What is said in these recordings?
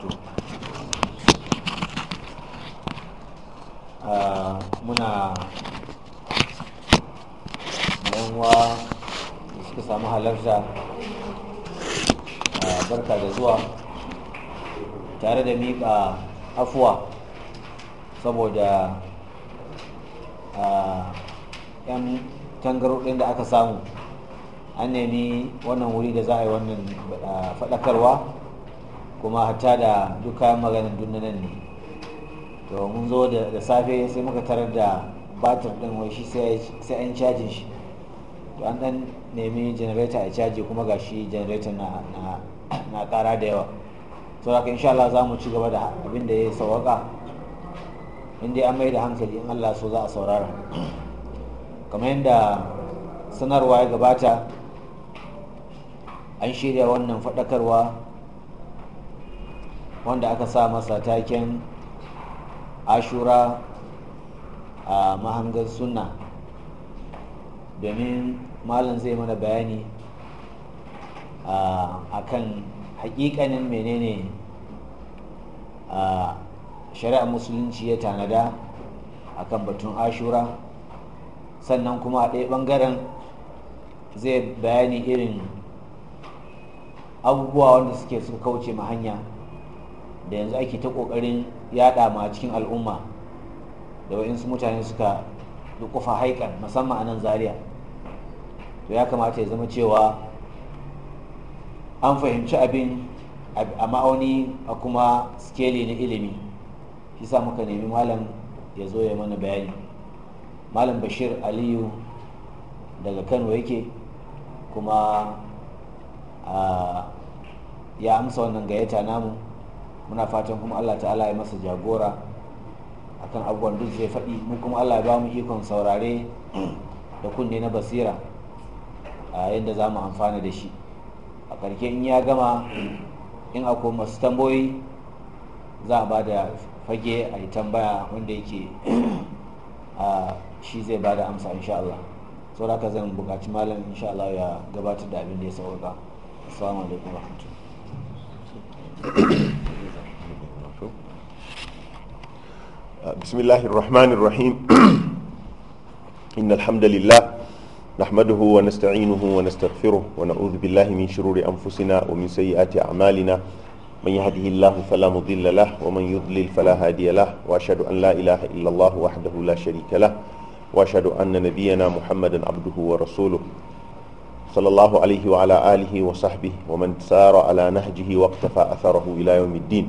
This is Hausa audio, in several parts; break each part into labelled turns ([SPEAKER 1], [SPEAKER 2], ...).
[SPEAKER 1] wabarakatuh muna yanwa da suka samu halarta a ah, barka da zuwa tare da miƙa afuwa saboda yan ah, ɗin da aka samu an nemi wannan wuri da za a yi wannan ah, faɗakarwa kuma hata da duka maganin nan ne to mun zo da safe sai muka tarar da batir din wai shi sai an cajin shi to an dan nemi janareta a caji kuma ga shi janareta na kara da yawa to haka insha Allah za mu ci gaba da abin da ya sawaka inda an mai da hankali in Allah so za a saurara kamar yadda sanarwa ya gabata an shirya wannan faɗakarwa wanda aka sa masa taken ashura a mahangar sunna domin malam zai mana bayani a kan hakikanin menene a shari'ar musulunci ya tanada a kan batun ashura sannan kuma a ɗaya ɓangaren zai bayani irin abubuwa wanda suke suka kauce ma hanya da yanzu ake ta kokarin yada ma cikin al'umma da wa'insu mutane suka dukufa haikan musamman a nan zaria to ya kamata ya zama cewa an fahimci abin a ma'auni a kuma skeli na ilimi shi sa muka nemi malam ya zo ya mana bayani malam bashir aliyu daga kano yake kuma ah, ya amsa wannan gayyata namu muna fatan kuma Allah ta'ala ya masa jagora akan abubuwan duk zai faɗi mu kuma Allah ya ba mu ikon saurare da kunne na basira a yadda za mu amfana da shi a ƙarshe in ya gama in akwai masu tamboyi za a ba da fage a yi tambaya wanda yake a shi zai ba da amsa insha Allah ka zan bukaci malam insha Allah ya gabatar da abin da ya sauka assalamu alaikum warahmatullahi بسم الله
[SPEAKER 2] الرحمن الرحيم إن الحمد لله نحمده ونستعينه ونستغفره ونعوذ بالله من شرور أنفسنا ومن سيئات أعمالنا من يهده الله فلا مضل له ومن يضلل فلا هادي له وأشهد أن لا إله إلا الله وحده لا شريك له وأشهد أن نبينا محمدا عبده ورسوله صلى الله عليه وعلى آله وصحبه ومن سار على نهجه واقتفى أثره إلى يوم الدين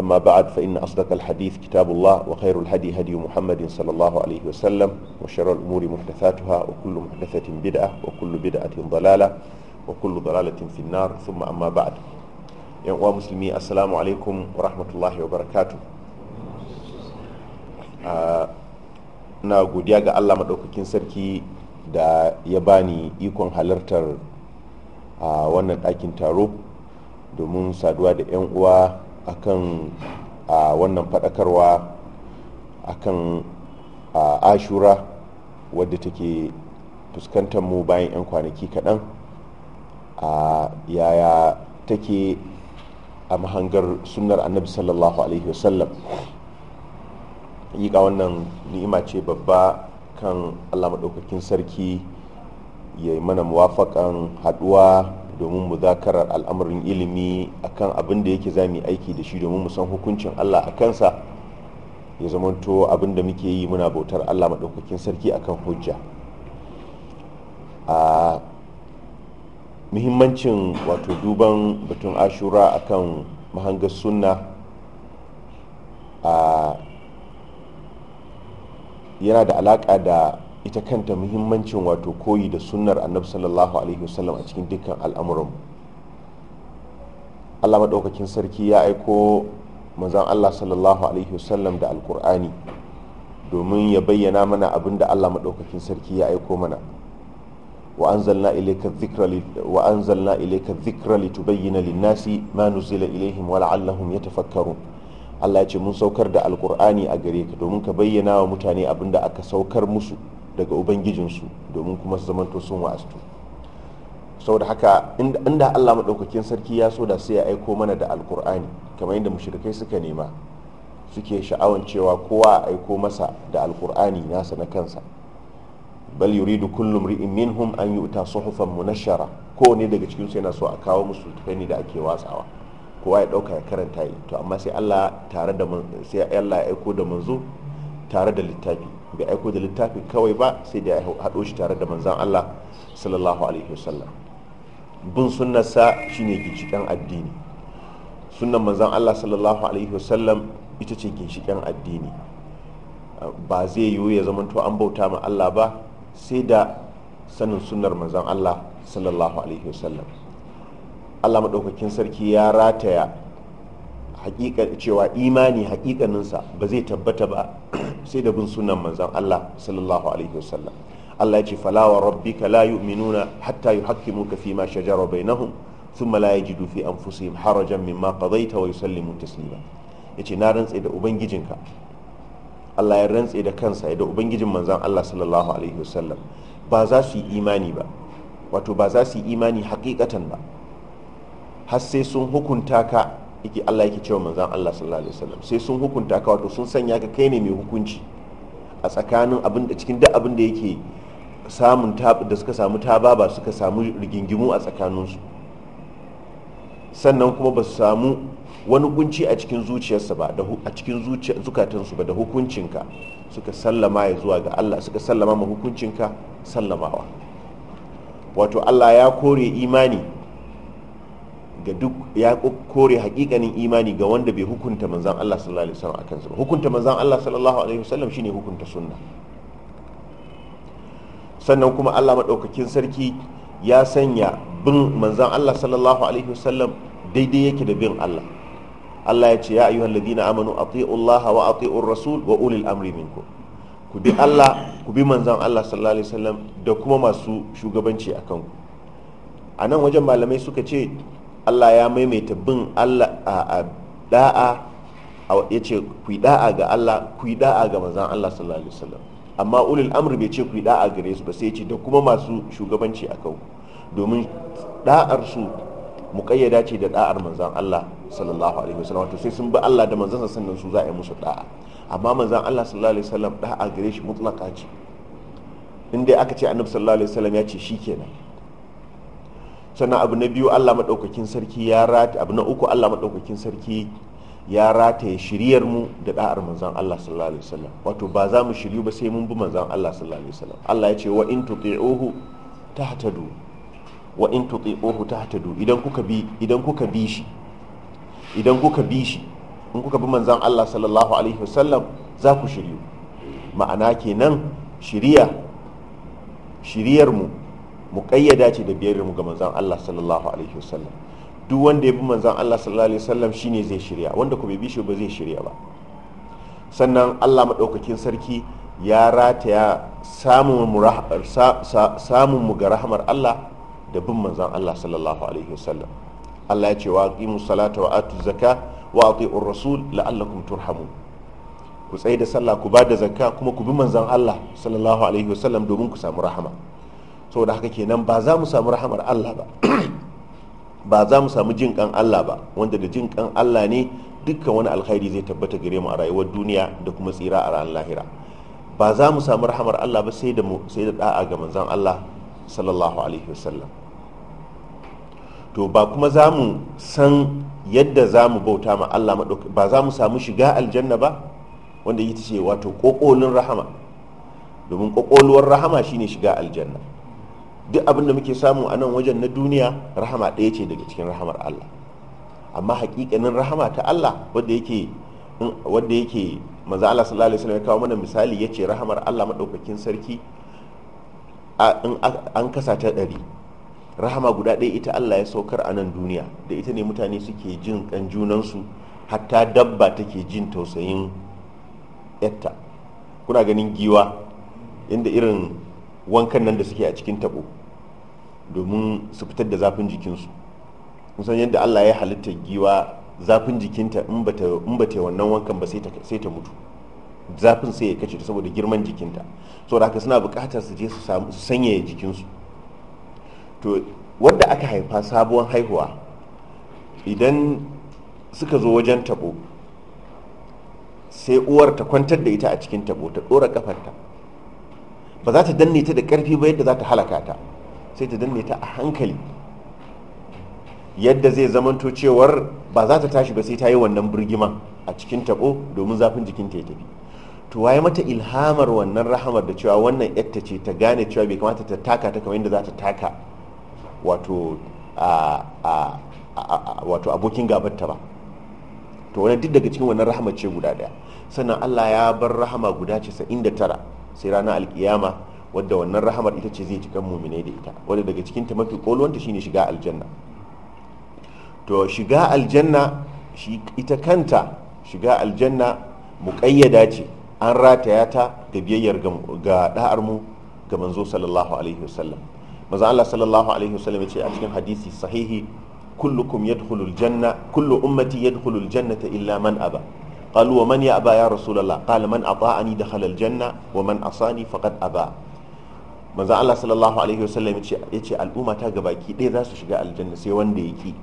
[SPEAKER 2] أما بعد فإن أصدق الحديث كتاب الله وخير الهدي هدي محمد صلى الله عليه وسلم وشر الأمور محدثاتها وكل محدثة بدعة وكل بدعة ضلالة وكل ضلالة في النار ثم أما بعد يا مسلمي السلام عليكم ورحمة الله وبركاته na godiya ga Allah maɗaukakin sarki da ya bani ikon halartar a wannan ɗakin taro domin saduwa da 'yan uwa akan a wannan fadakarwa akan ashura wadda take fuskantar mu bayan 'yan kwanaki kaɗan a yaya take a mahangar sunnar annabi sallallahu alaihi wasallam yiƙa wannan ni'ima ce babba kan allah maɗaukakin sarki ya yi mana muwafaƙan haɗuwa domin mu muzakarar al'amarin ilimi a kan abin da yake za mu aiki da shi domin mu san hukuncin Allah a kansa ya zamanto abin da muke yi muna bautar Allah maɗaukakin sarki akan hujja a muhimmancin wato duban batun ashura akan mahangar sunna a yana da alaƙa da ita kanta muhimmancin wato koyi da sunnar annabi sallallahu alaihi wasallam a cikin dukkan al'amuran Allah maɗaukakin sarki ya aiko manzon Allah sallallahu alaihi wasallam da alkur'ani domin ya bayyana mana abin da Allah maɗaukakin sarki ya aiko mana wa anzalna ilayka dhikra tubayyana lin-nasi ma nuzila ilayhim wa la'allahum yatafakkarun Allah ya ce mun saukar da alkur'ani a gare ka domin ka bayyana wa mutane abin da aka saukar musu daga ubangijinsu domin kuma su zamanto sun wa'astu saboda haka inda Allah maɗaukakin sarki ya so da sai ya aiko mana da alkur'ani kamar inda mushrikai suka nema suke sha'awan cewa kowa a aiko masa da alkur'ani nasa na kansa bal yuridu kullum ri'in hum an yu'ta suhufan munashara kowane daga cikinsu yana so a kawo musu tafani da ake watsawa kowa ya ɗauka ya karanta yi to amma sai Allah sai Allah ya aiko da manzo tare da littafi bai aiko da littafi kawai ba sai da ya haɗo shi tare da manzan Allah sallallahu alaihi wasallam bin sunnarsa shine ginshiƙen addini sunan manzan Allah sallallahu alaihi wasallam ita ce ginshiƙen addini ba zai yiwu ya zama to an bauta ma Allah ba sai da sanin sunnar manzan Allah sallallahu alaihi wasallam Allah maɗaukakin sarki ya rataya cewa imani hakikaninsa ba zai tabbata ba sai da bin sunan manzan Allah sallallahu alaihi wasallam Allah ya ce fala wa rabbika la yu'minuna hatta yuhaqqimuka fi ma shajara bainahum thumma la yajidu fi anfusihim harajan mimma qadaita wa yusallimu taslima yace na rantse da ubangijinka Allah ya rantse da kansa da ubangijin manzan Allah sallallahu alaihi wasallam ba za su yi imani ba wato ba za su yi imani hakikatan ba har sai sun hukunta ka yake Allah yake cewa manzon Allah sallallahu alaihi wasallam sai sun hukunta ka wato sun sanya ka kai ne mai hukunci a tsakanin abin da cikin duk abin da yake samun da suka samu tababa suka samu rigingimu a tsakanin su sannan kuma ba su samu wani kunci a cikin zuciyarsa ba a cikin su ba da hukuncinka suka sallama ya zuwa ga Allah suka sallama ma hukuncinka sallamawa wato Allah ya kore imani ga duk ya kore hakikanin imani ga wanda bai hukunta manzan Allah sallallahu alaihi wasallam akan sa hukunta manzan Allah sallallahu alaihi wasallam shine hukunta sunna sannan kuma Allah madaukakin sarki ya sanya bin manzan Allah sallallahu alaihi wasallam daidai yake da bin Allah Allah ya ce ya ayyuhal ladina amanu ati'u Allah wa ati'ur rasul wa ulil amri minkum ku bi Allah ku bi manzan Allah sallallahu alaihi wasallam da kuma masu shugabanci akan ku a nan wajen malamai suka ce Allah ya maimaita bin Allah a da'a ya ce ku da'a ga Allah ku da'a ga manzan Allah sallallahu alaihi wasallam amma ulil amr bai ce ku da'a gare su ba sai ce da kuma masu shugabanci a kanku domin da'ar su muƙayyada ce da da'ar manzan Allah sallallahu alaihi wasallam wato sai sun bi Allah da manzansa sannan su za a yi musu da'a amma manzan Allah sallallahu alaihi wasallam da'a gare shi mutlaka ce in dai aka ce annabi sallallahu alaihi wasallam ya ce shikenan sannan abu na biyu Allah maɗaukakin sarki ya rata abu na uku Allah maɗaukakin sarki ya ya shiryar mu da da'ar manzan Allah sallallahu alaihi wasallam wato ba za mu shiryu ba sai mun bi manzan Allah sallallahu alaihi wasallam Allah ya ce wa in tuƙe tahtadu wa in tuti'uhu tahtadu idan kuka bi idan kuka bi shi idan kuka bi shi in kuka bi manzan Allah sallallahu alaihi wasallam za ku shiryu ma'ana kenan shiriya shiriyar mu muƙayyada ce da biyar mu ga manzan Allah sallallahu alaihi wasallam duk wanda ya bi manzan Allah sallallahu alaihi wasallam shine zai shirya wanda ku bai bi shi ba zai shirya ba sannan Allah madaukakin sarki ya rataya samun mu ga rahmar Allah da bin manzan Allah sallallahu alaihi wasallam Allah ya ce wa aqimu salata wa atu zakka wa ati'ur rasul la'allakum turhamun ku tsaye da sallah ku ba da zakka kuma ku bi manzan Allah sallallahu alaihi wasallam domin ku samu rahama da haka kenan ba za mu samu rahamar Allah ba ba za mu samu jin kan Allah ba wanda da jin kan Allah ne dukkan wani alkhairi zai tabbata gare mu a rayuwar duniya da kuma tsira a ranar lahira ba za mu samu rahamar Allah ba sai da mu sai da da'a ga manzon Allah sallallahu alaihi wasallam to ba kuma za mu san yadda za mu bauta ma Allah ba za mu samu shiga aljanna ba wanda ita ce wato kokolin rahama domin kokoluwar rahama shine shiga aljanna duk abin da muke samu a nan wajen na duniya rahama ɗaya ce daga cikin rahamar Allah amma hakikanin rahama ta Allah wadda yake wadda yake maza Allah sallallahu alaihi wasallam ya kawo mana misali yace rahamar Allah madaukakin sarki in an kasa ta ɗari rahama guda ɗaya ita Allah ya saukar a nan duniya da ita ne mutane suke jin kan junansu hatta dabba take jin tausayin yatta kuna ganin giwa inda irin wankan nan da suke a cikin taɓo. domin su fitar da zafin jikinsu san yadda allah ya halitta giwa zafin jikinta in ba ta wannan wankan ba sai ta mutu zafin sai ya kace ta saboda girman jikinta saboda haka suna bukatar su je su sanyaya jikinsu to wadda aka haifa sabuwar haihuwa idan suka zo wajen tabo sai uwar ta kwantar da ita a cikin tabo ta ɗora kafarta ba za ta danne ta da karfi ba yadda za ta halaka ta sai ta danne ta a hankali yadda zai zamanto cewar ba za ta tashi ba sai ta yi wannan birgima a cikin tabo domin zafin jikinta ya tafi to waye mata ilhamar wannan rahamar da cewa wannan yatta ce ta gane cewa bai kamata ta taka ta kamar yadda za ta taka wato wato abokin ta ba to wani duk daga cikin wannan rahama ce guda daya sannan Allah ya bar rahama guda ce tara sai ranar alkiyama wadda wannan rahamar ita ce zai cikan muminai da ita wadda daga cikin ta mafi kolwanta shine shiga aljanna to shiga aljanna shi ita kanta shiga aljanna muƙayyada ce an rataya ta ga biyayyar ga da'ar mu ga manzo sallallahu alaihi wasallam manzo Allah sallallahu alaihi wasallam ya ce a cikin hadisi sahihi kullukum yadkhulul janna kullu ummati yadkhulul jannata illa man aba قالوا ومن يأبى يا رسول الله قال من أطاعني دخل الجنة ومن أصاني فقد أبى manzo Allah sallallahu alaihi wasallam ya ce al'umma ta gabaki ɗaya za su shiga aljanna sai wanda ya ki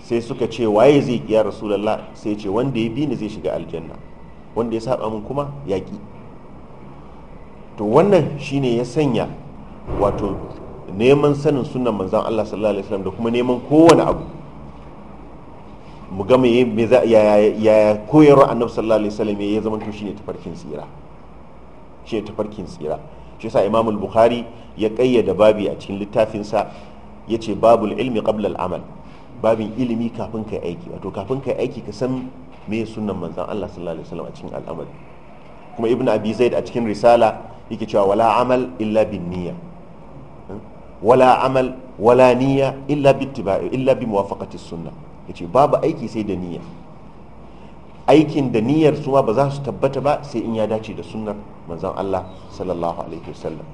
[SPEAKER 2] sai suka ce waye zai ki ya rasulullah sai ce wanda ya bi ni zai shiga aljanna wanda ya saba min kuma ya ki to wannan shine ya sanya wato neman sanin sunan manzan Allah sallallahu alaihi wasallam da kuma neman kowane abu mu ga me ya koyarwa annabi sallallahu alaihi wasallam ya zama to shine tafarkin tsira shine tafarkin tsira shi yasa Imam bukhari ya kayyada babi a cikin littafinsa sa yace babul ilmi qabla al-amal babin ilimi kafin kai aiki wato kafin kai aiki ka san me sunan manzan Allah sallallahu alaihi wasallam a cikin al'amari kuma Ibn Abi Zaid a cikin risala yake cewa wala amal illa bin niyya hmm? wala amal wala niyya illa bi illa bi muwafaqati sunna yace babu aiki sai da niyya aikin da niyyar su ma ba za su tabbata ba sai in ya dace da sunnar manzon Allah sallallahu alaihi wasallam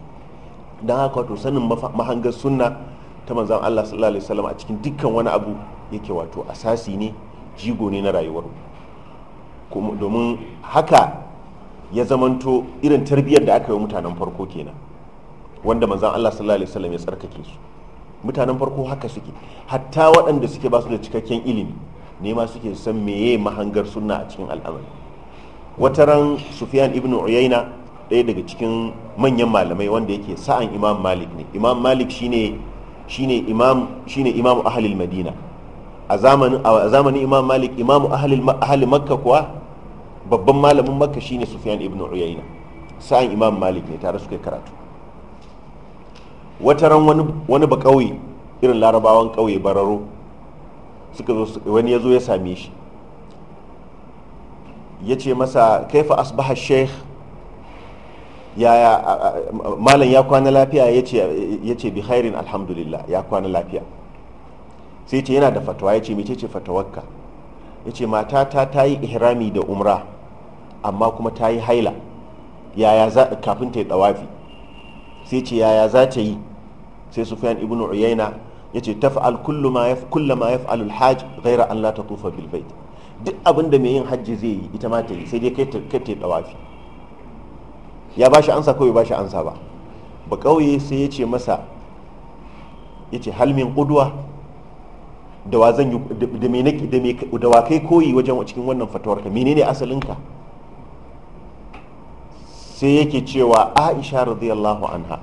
[SPEAKER 2] dan haka wato sanin mahangar sunna ta manzon Allah sallallahu alaihi wasallam a cikin dukkan wani abu yake wato asasi ne jigo ne na rayuwar domin haka ya zamanto irin tarbiyyar da aka yi mutanen farko kenan wanda manzon Allah sallallahu alaihi wasallam ya tsarkake su mutanen farko haka suke hatta waɗanda suke ba su da cikakken ilimi ne ma suke san meye mahangar sunna a cikin al'amari wataran sufiyan ibn uyaina ɗaya daga cikin manyan malamai wanda yake sa'an imam malik ne imam malik shine shine imam shine imam ahlil madina a zamanin a zamanin imam malik imam ahlil ahli makka kuwa babban malamin makka shine sufiyan ibn uyaina sa'an imam malik ne tare suka karatu wataran wani wani bakauye irin larabawan kauye bararo suka zo wani ya zo ya same shi ya ce masa kaifa asbaha sheikh yaya malam ya kwana lafiya ya ce bi khairin alhamdulillah ya kwana lafiya sai ce yana da fatawa ya ce me ce fatawakka ya ce matata ta yi ihrami da umra amma kuma ta yi haila yaya za kafin ta yi dawafi sai ce yaya za ta yi sai sufyan ibnu uyaina yace taf'al kullu ma yaf kullu ma yaf'alu al-hajj ghayra an la tatufa bil bayt duk abin da mai yin hajji zai yi ita ma ta yi sai dai kai ta kai tawafi ya ba shi ansa ko kawai shi ansa ba ba kauye sai yace masa yace hal min qudwa da wa zan yi da me nake da me da wa kai koyi wajen cikin wannan fatawar ka menene asalin ka sai yake cewa Aisha radiyallahu anha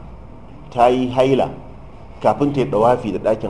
[SPEAKER 2] ta yi haila kafin ta yi dawafi da ɗakin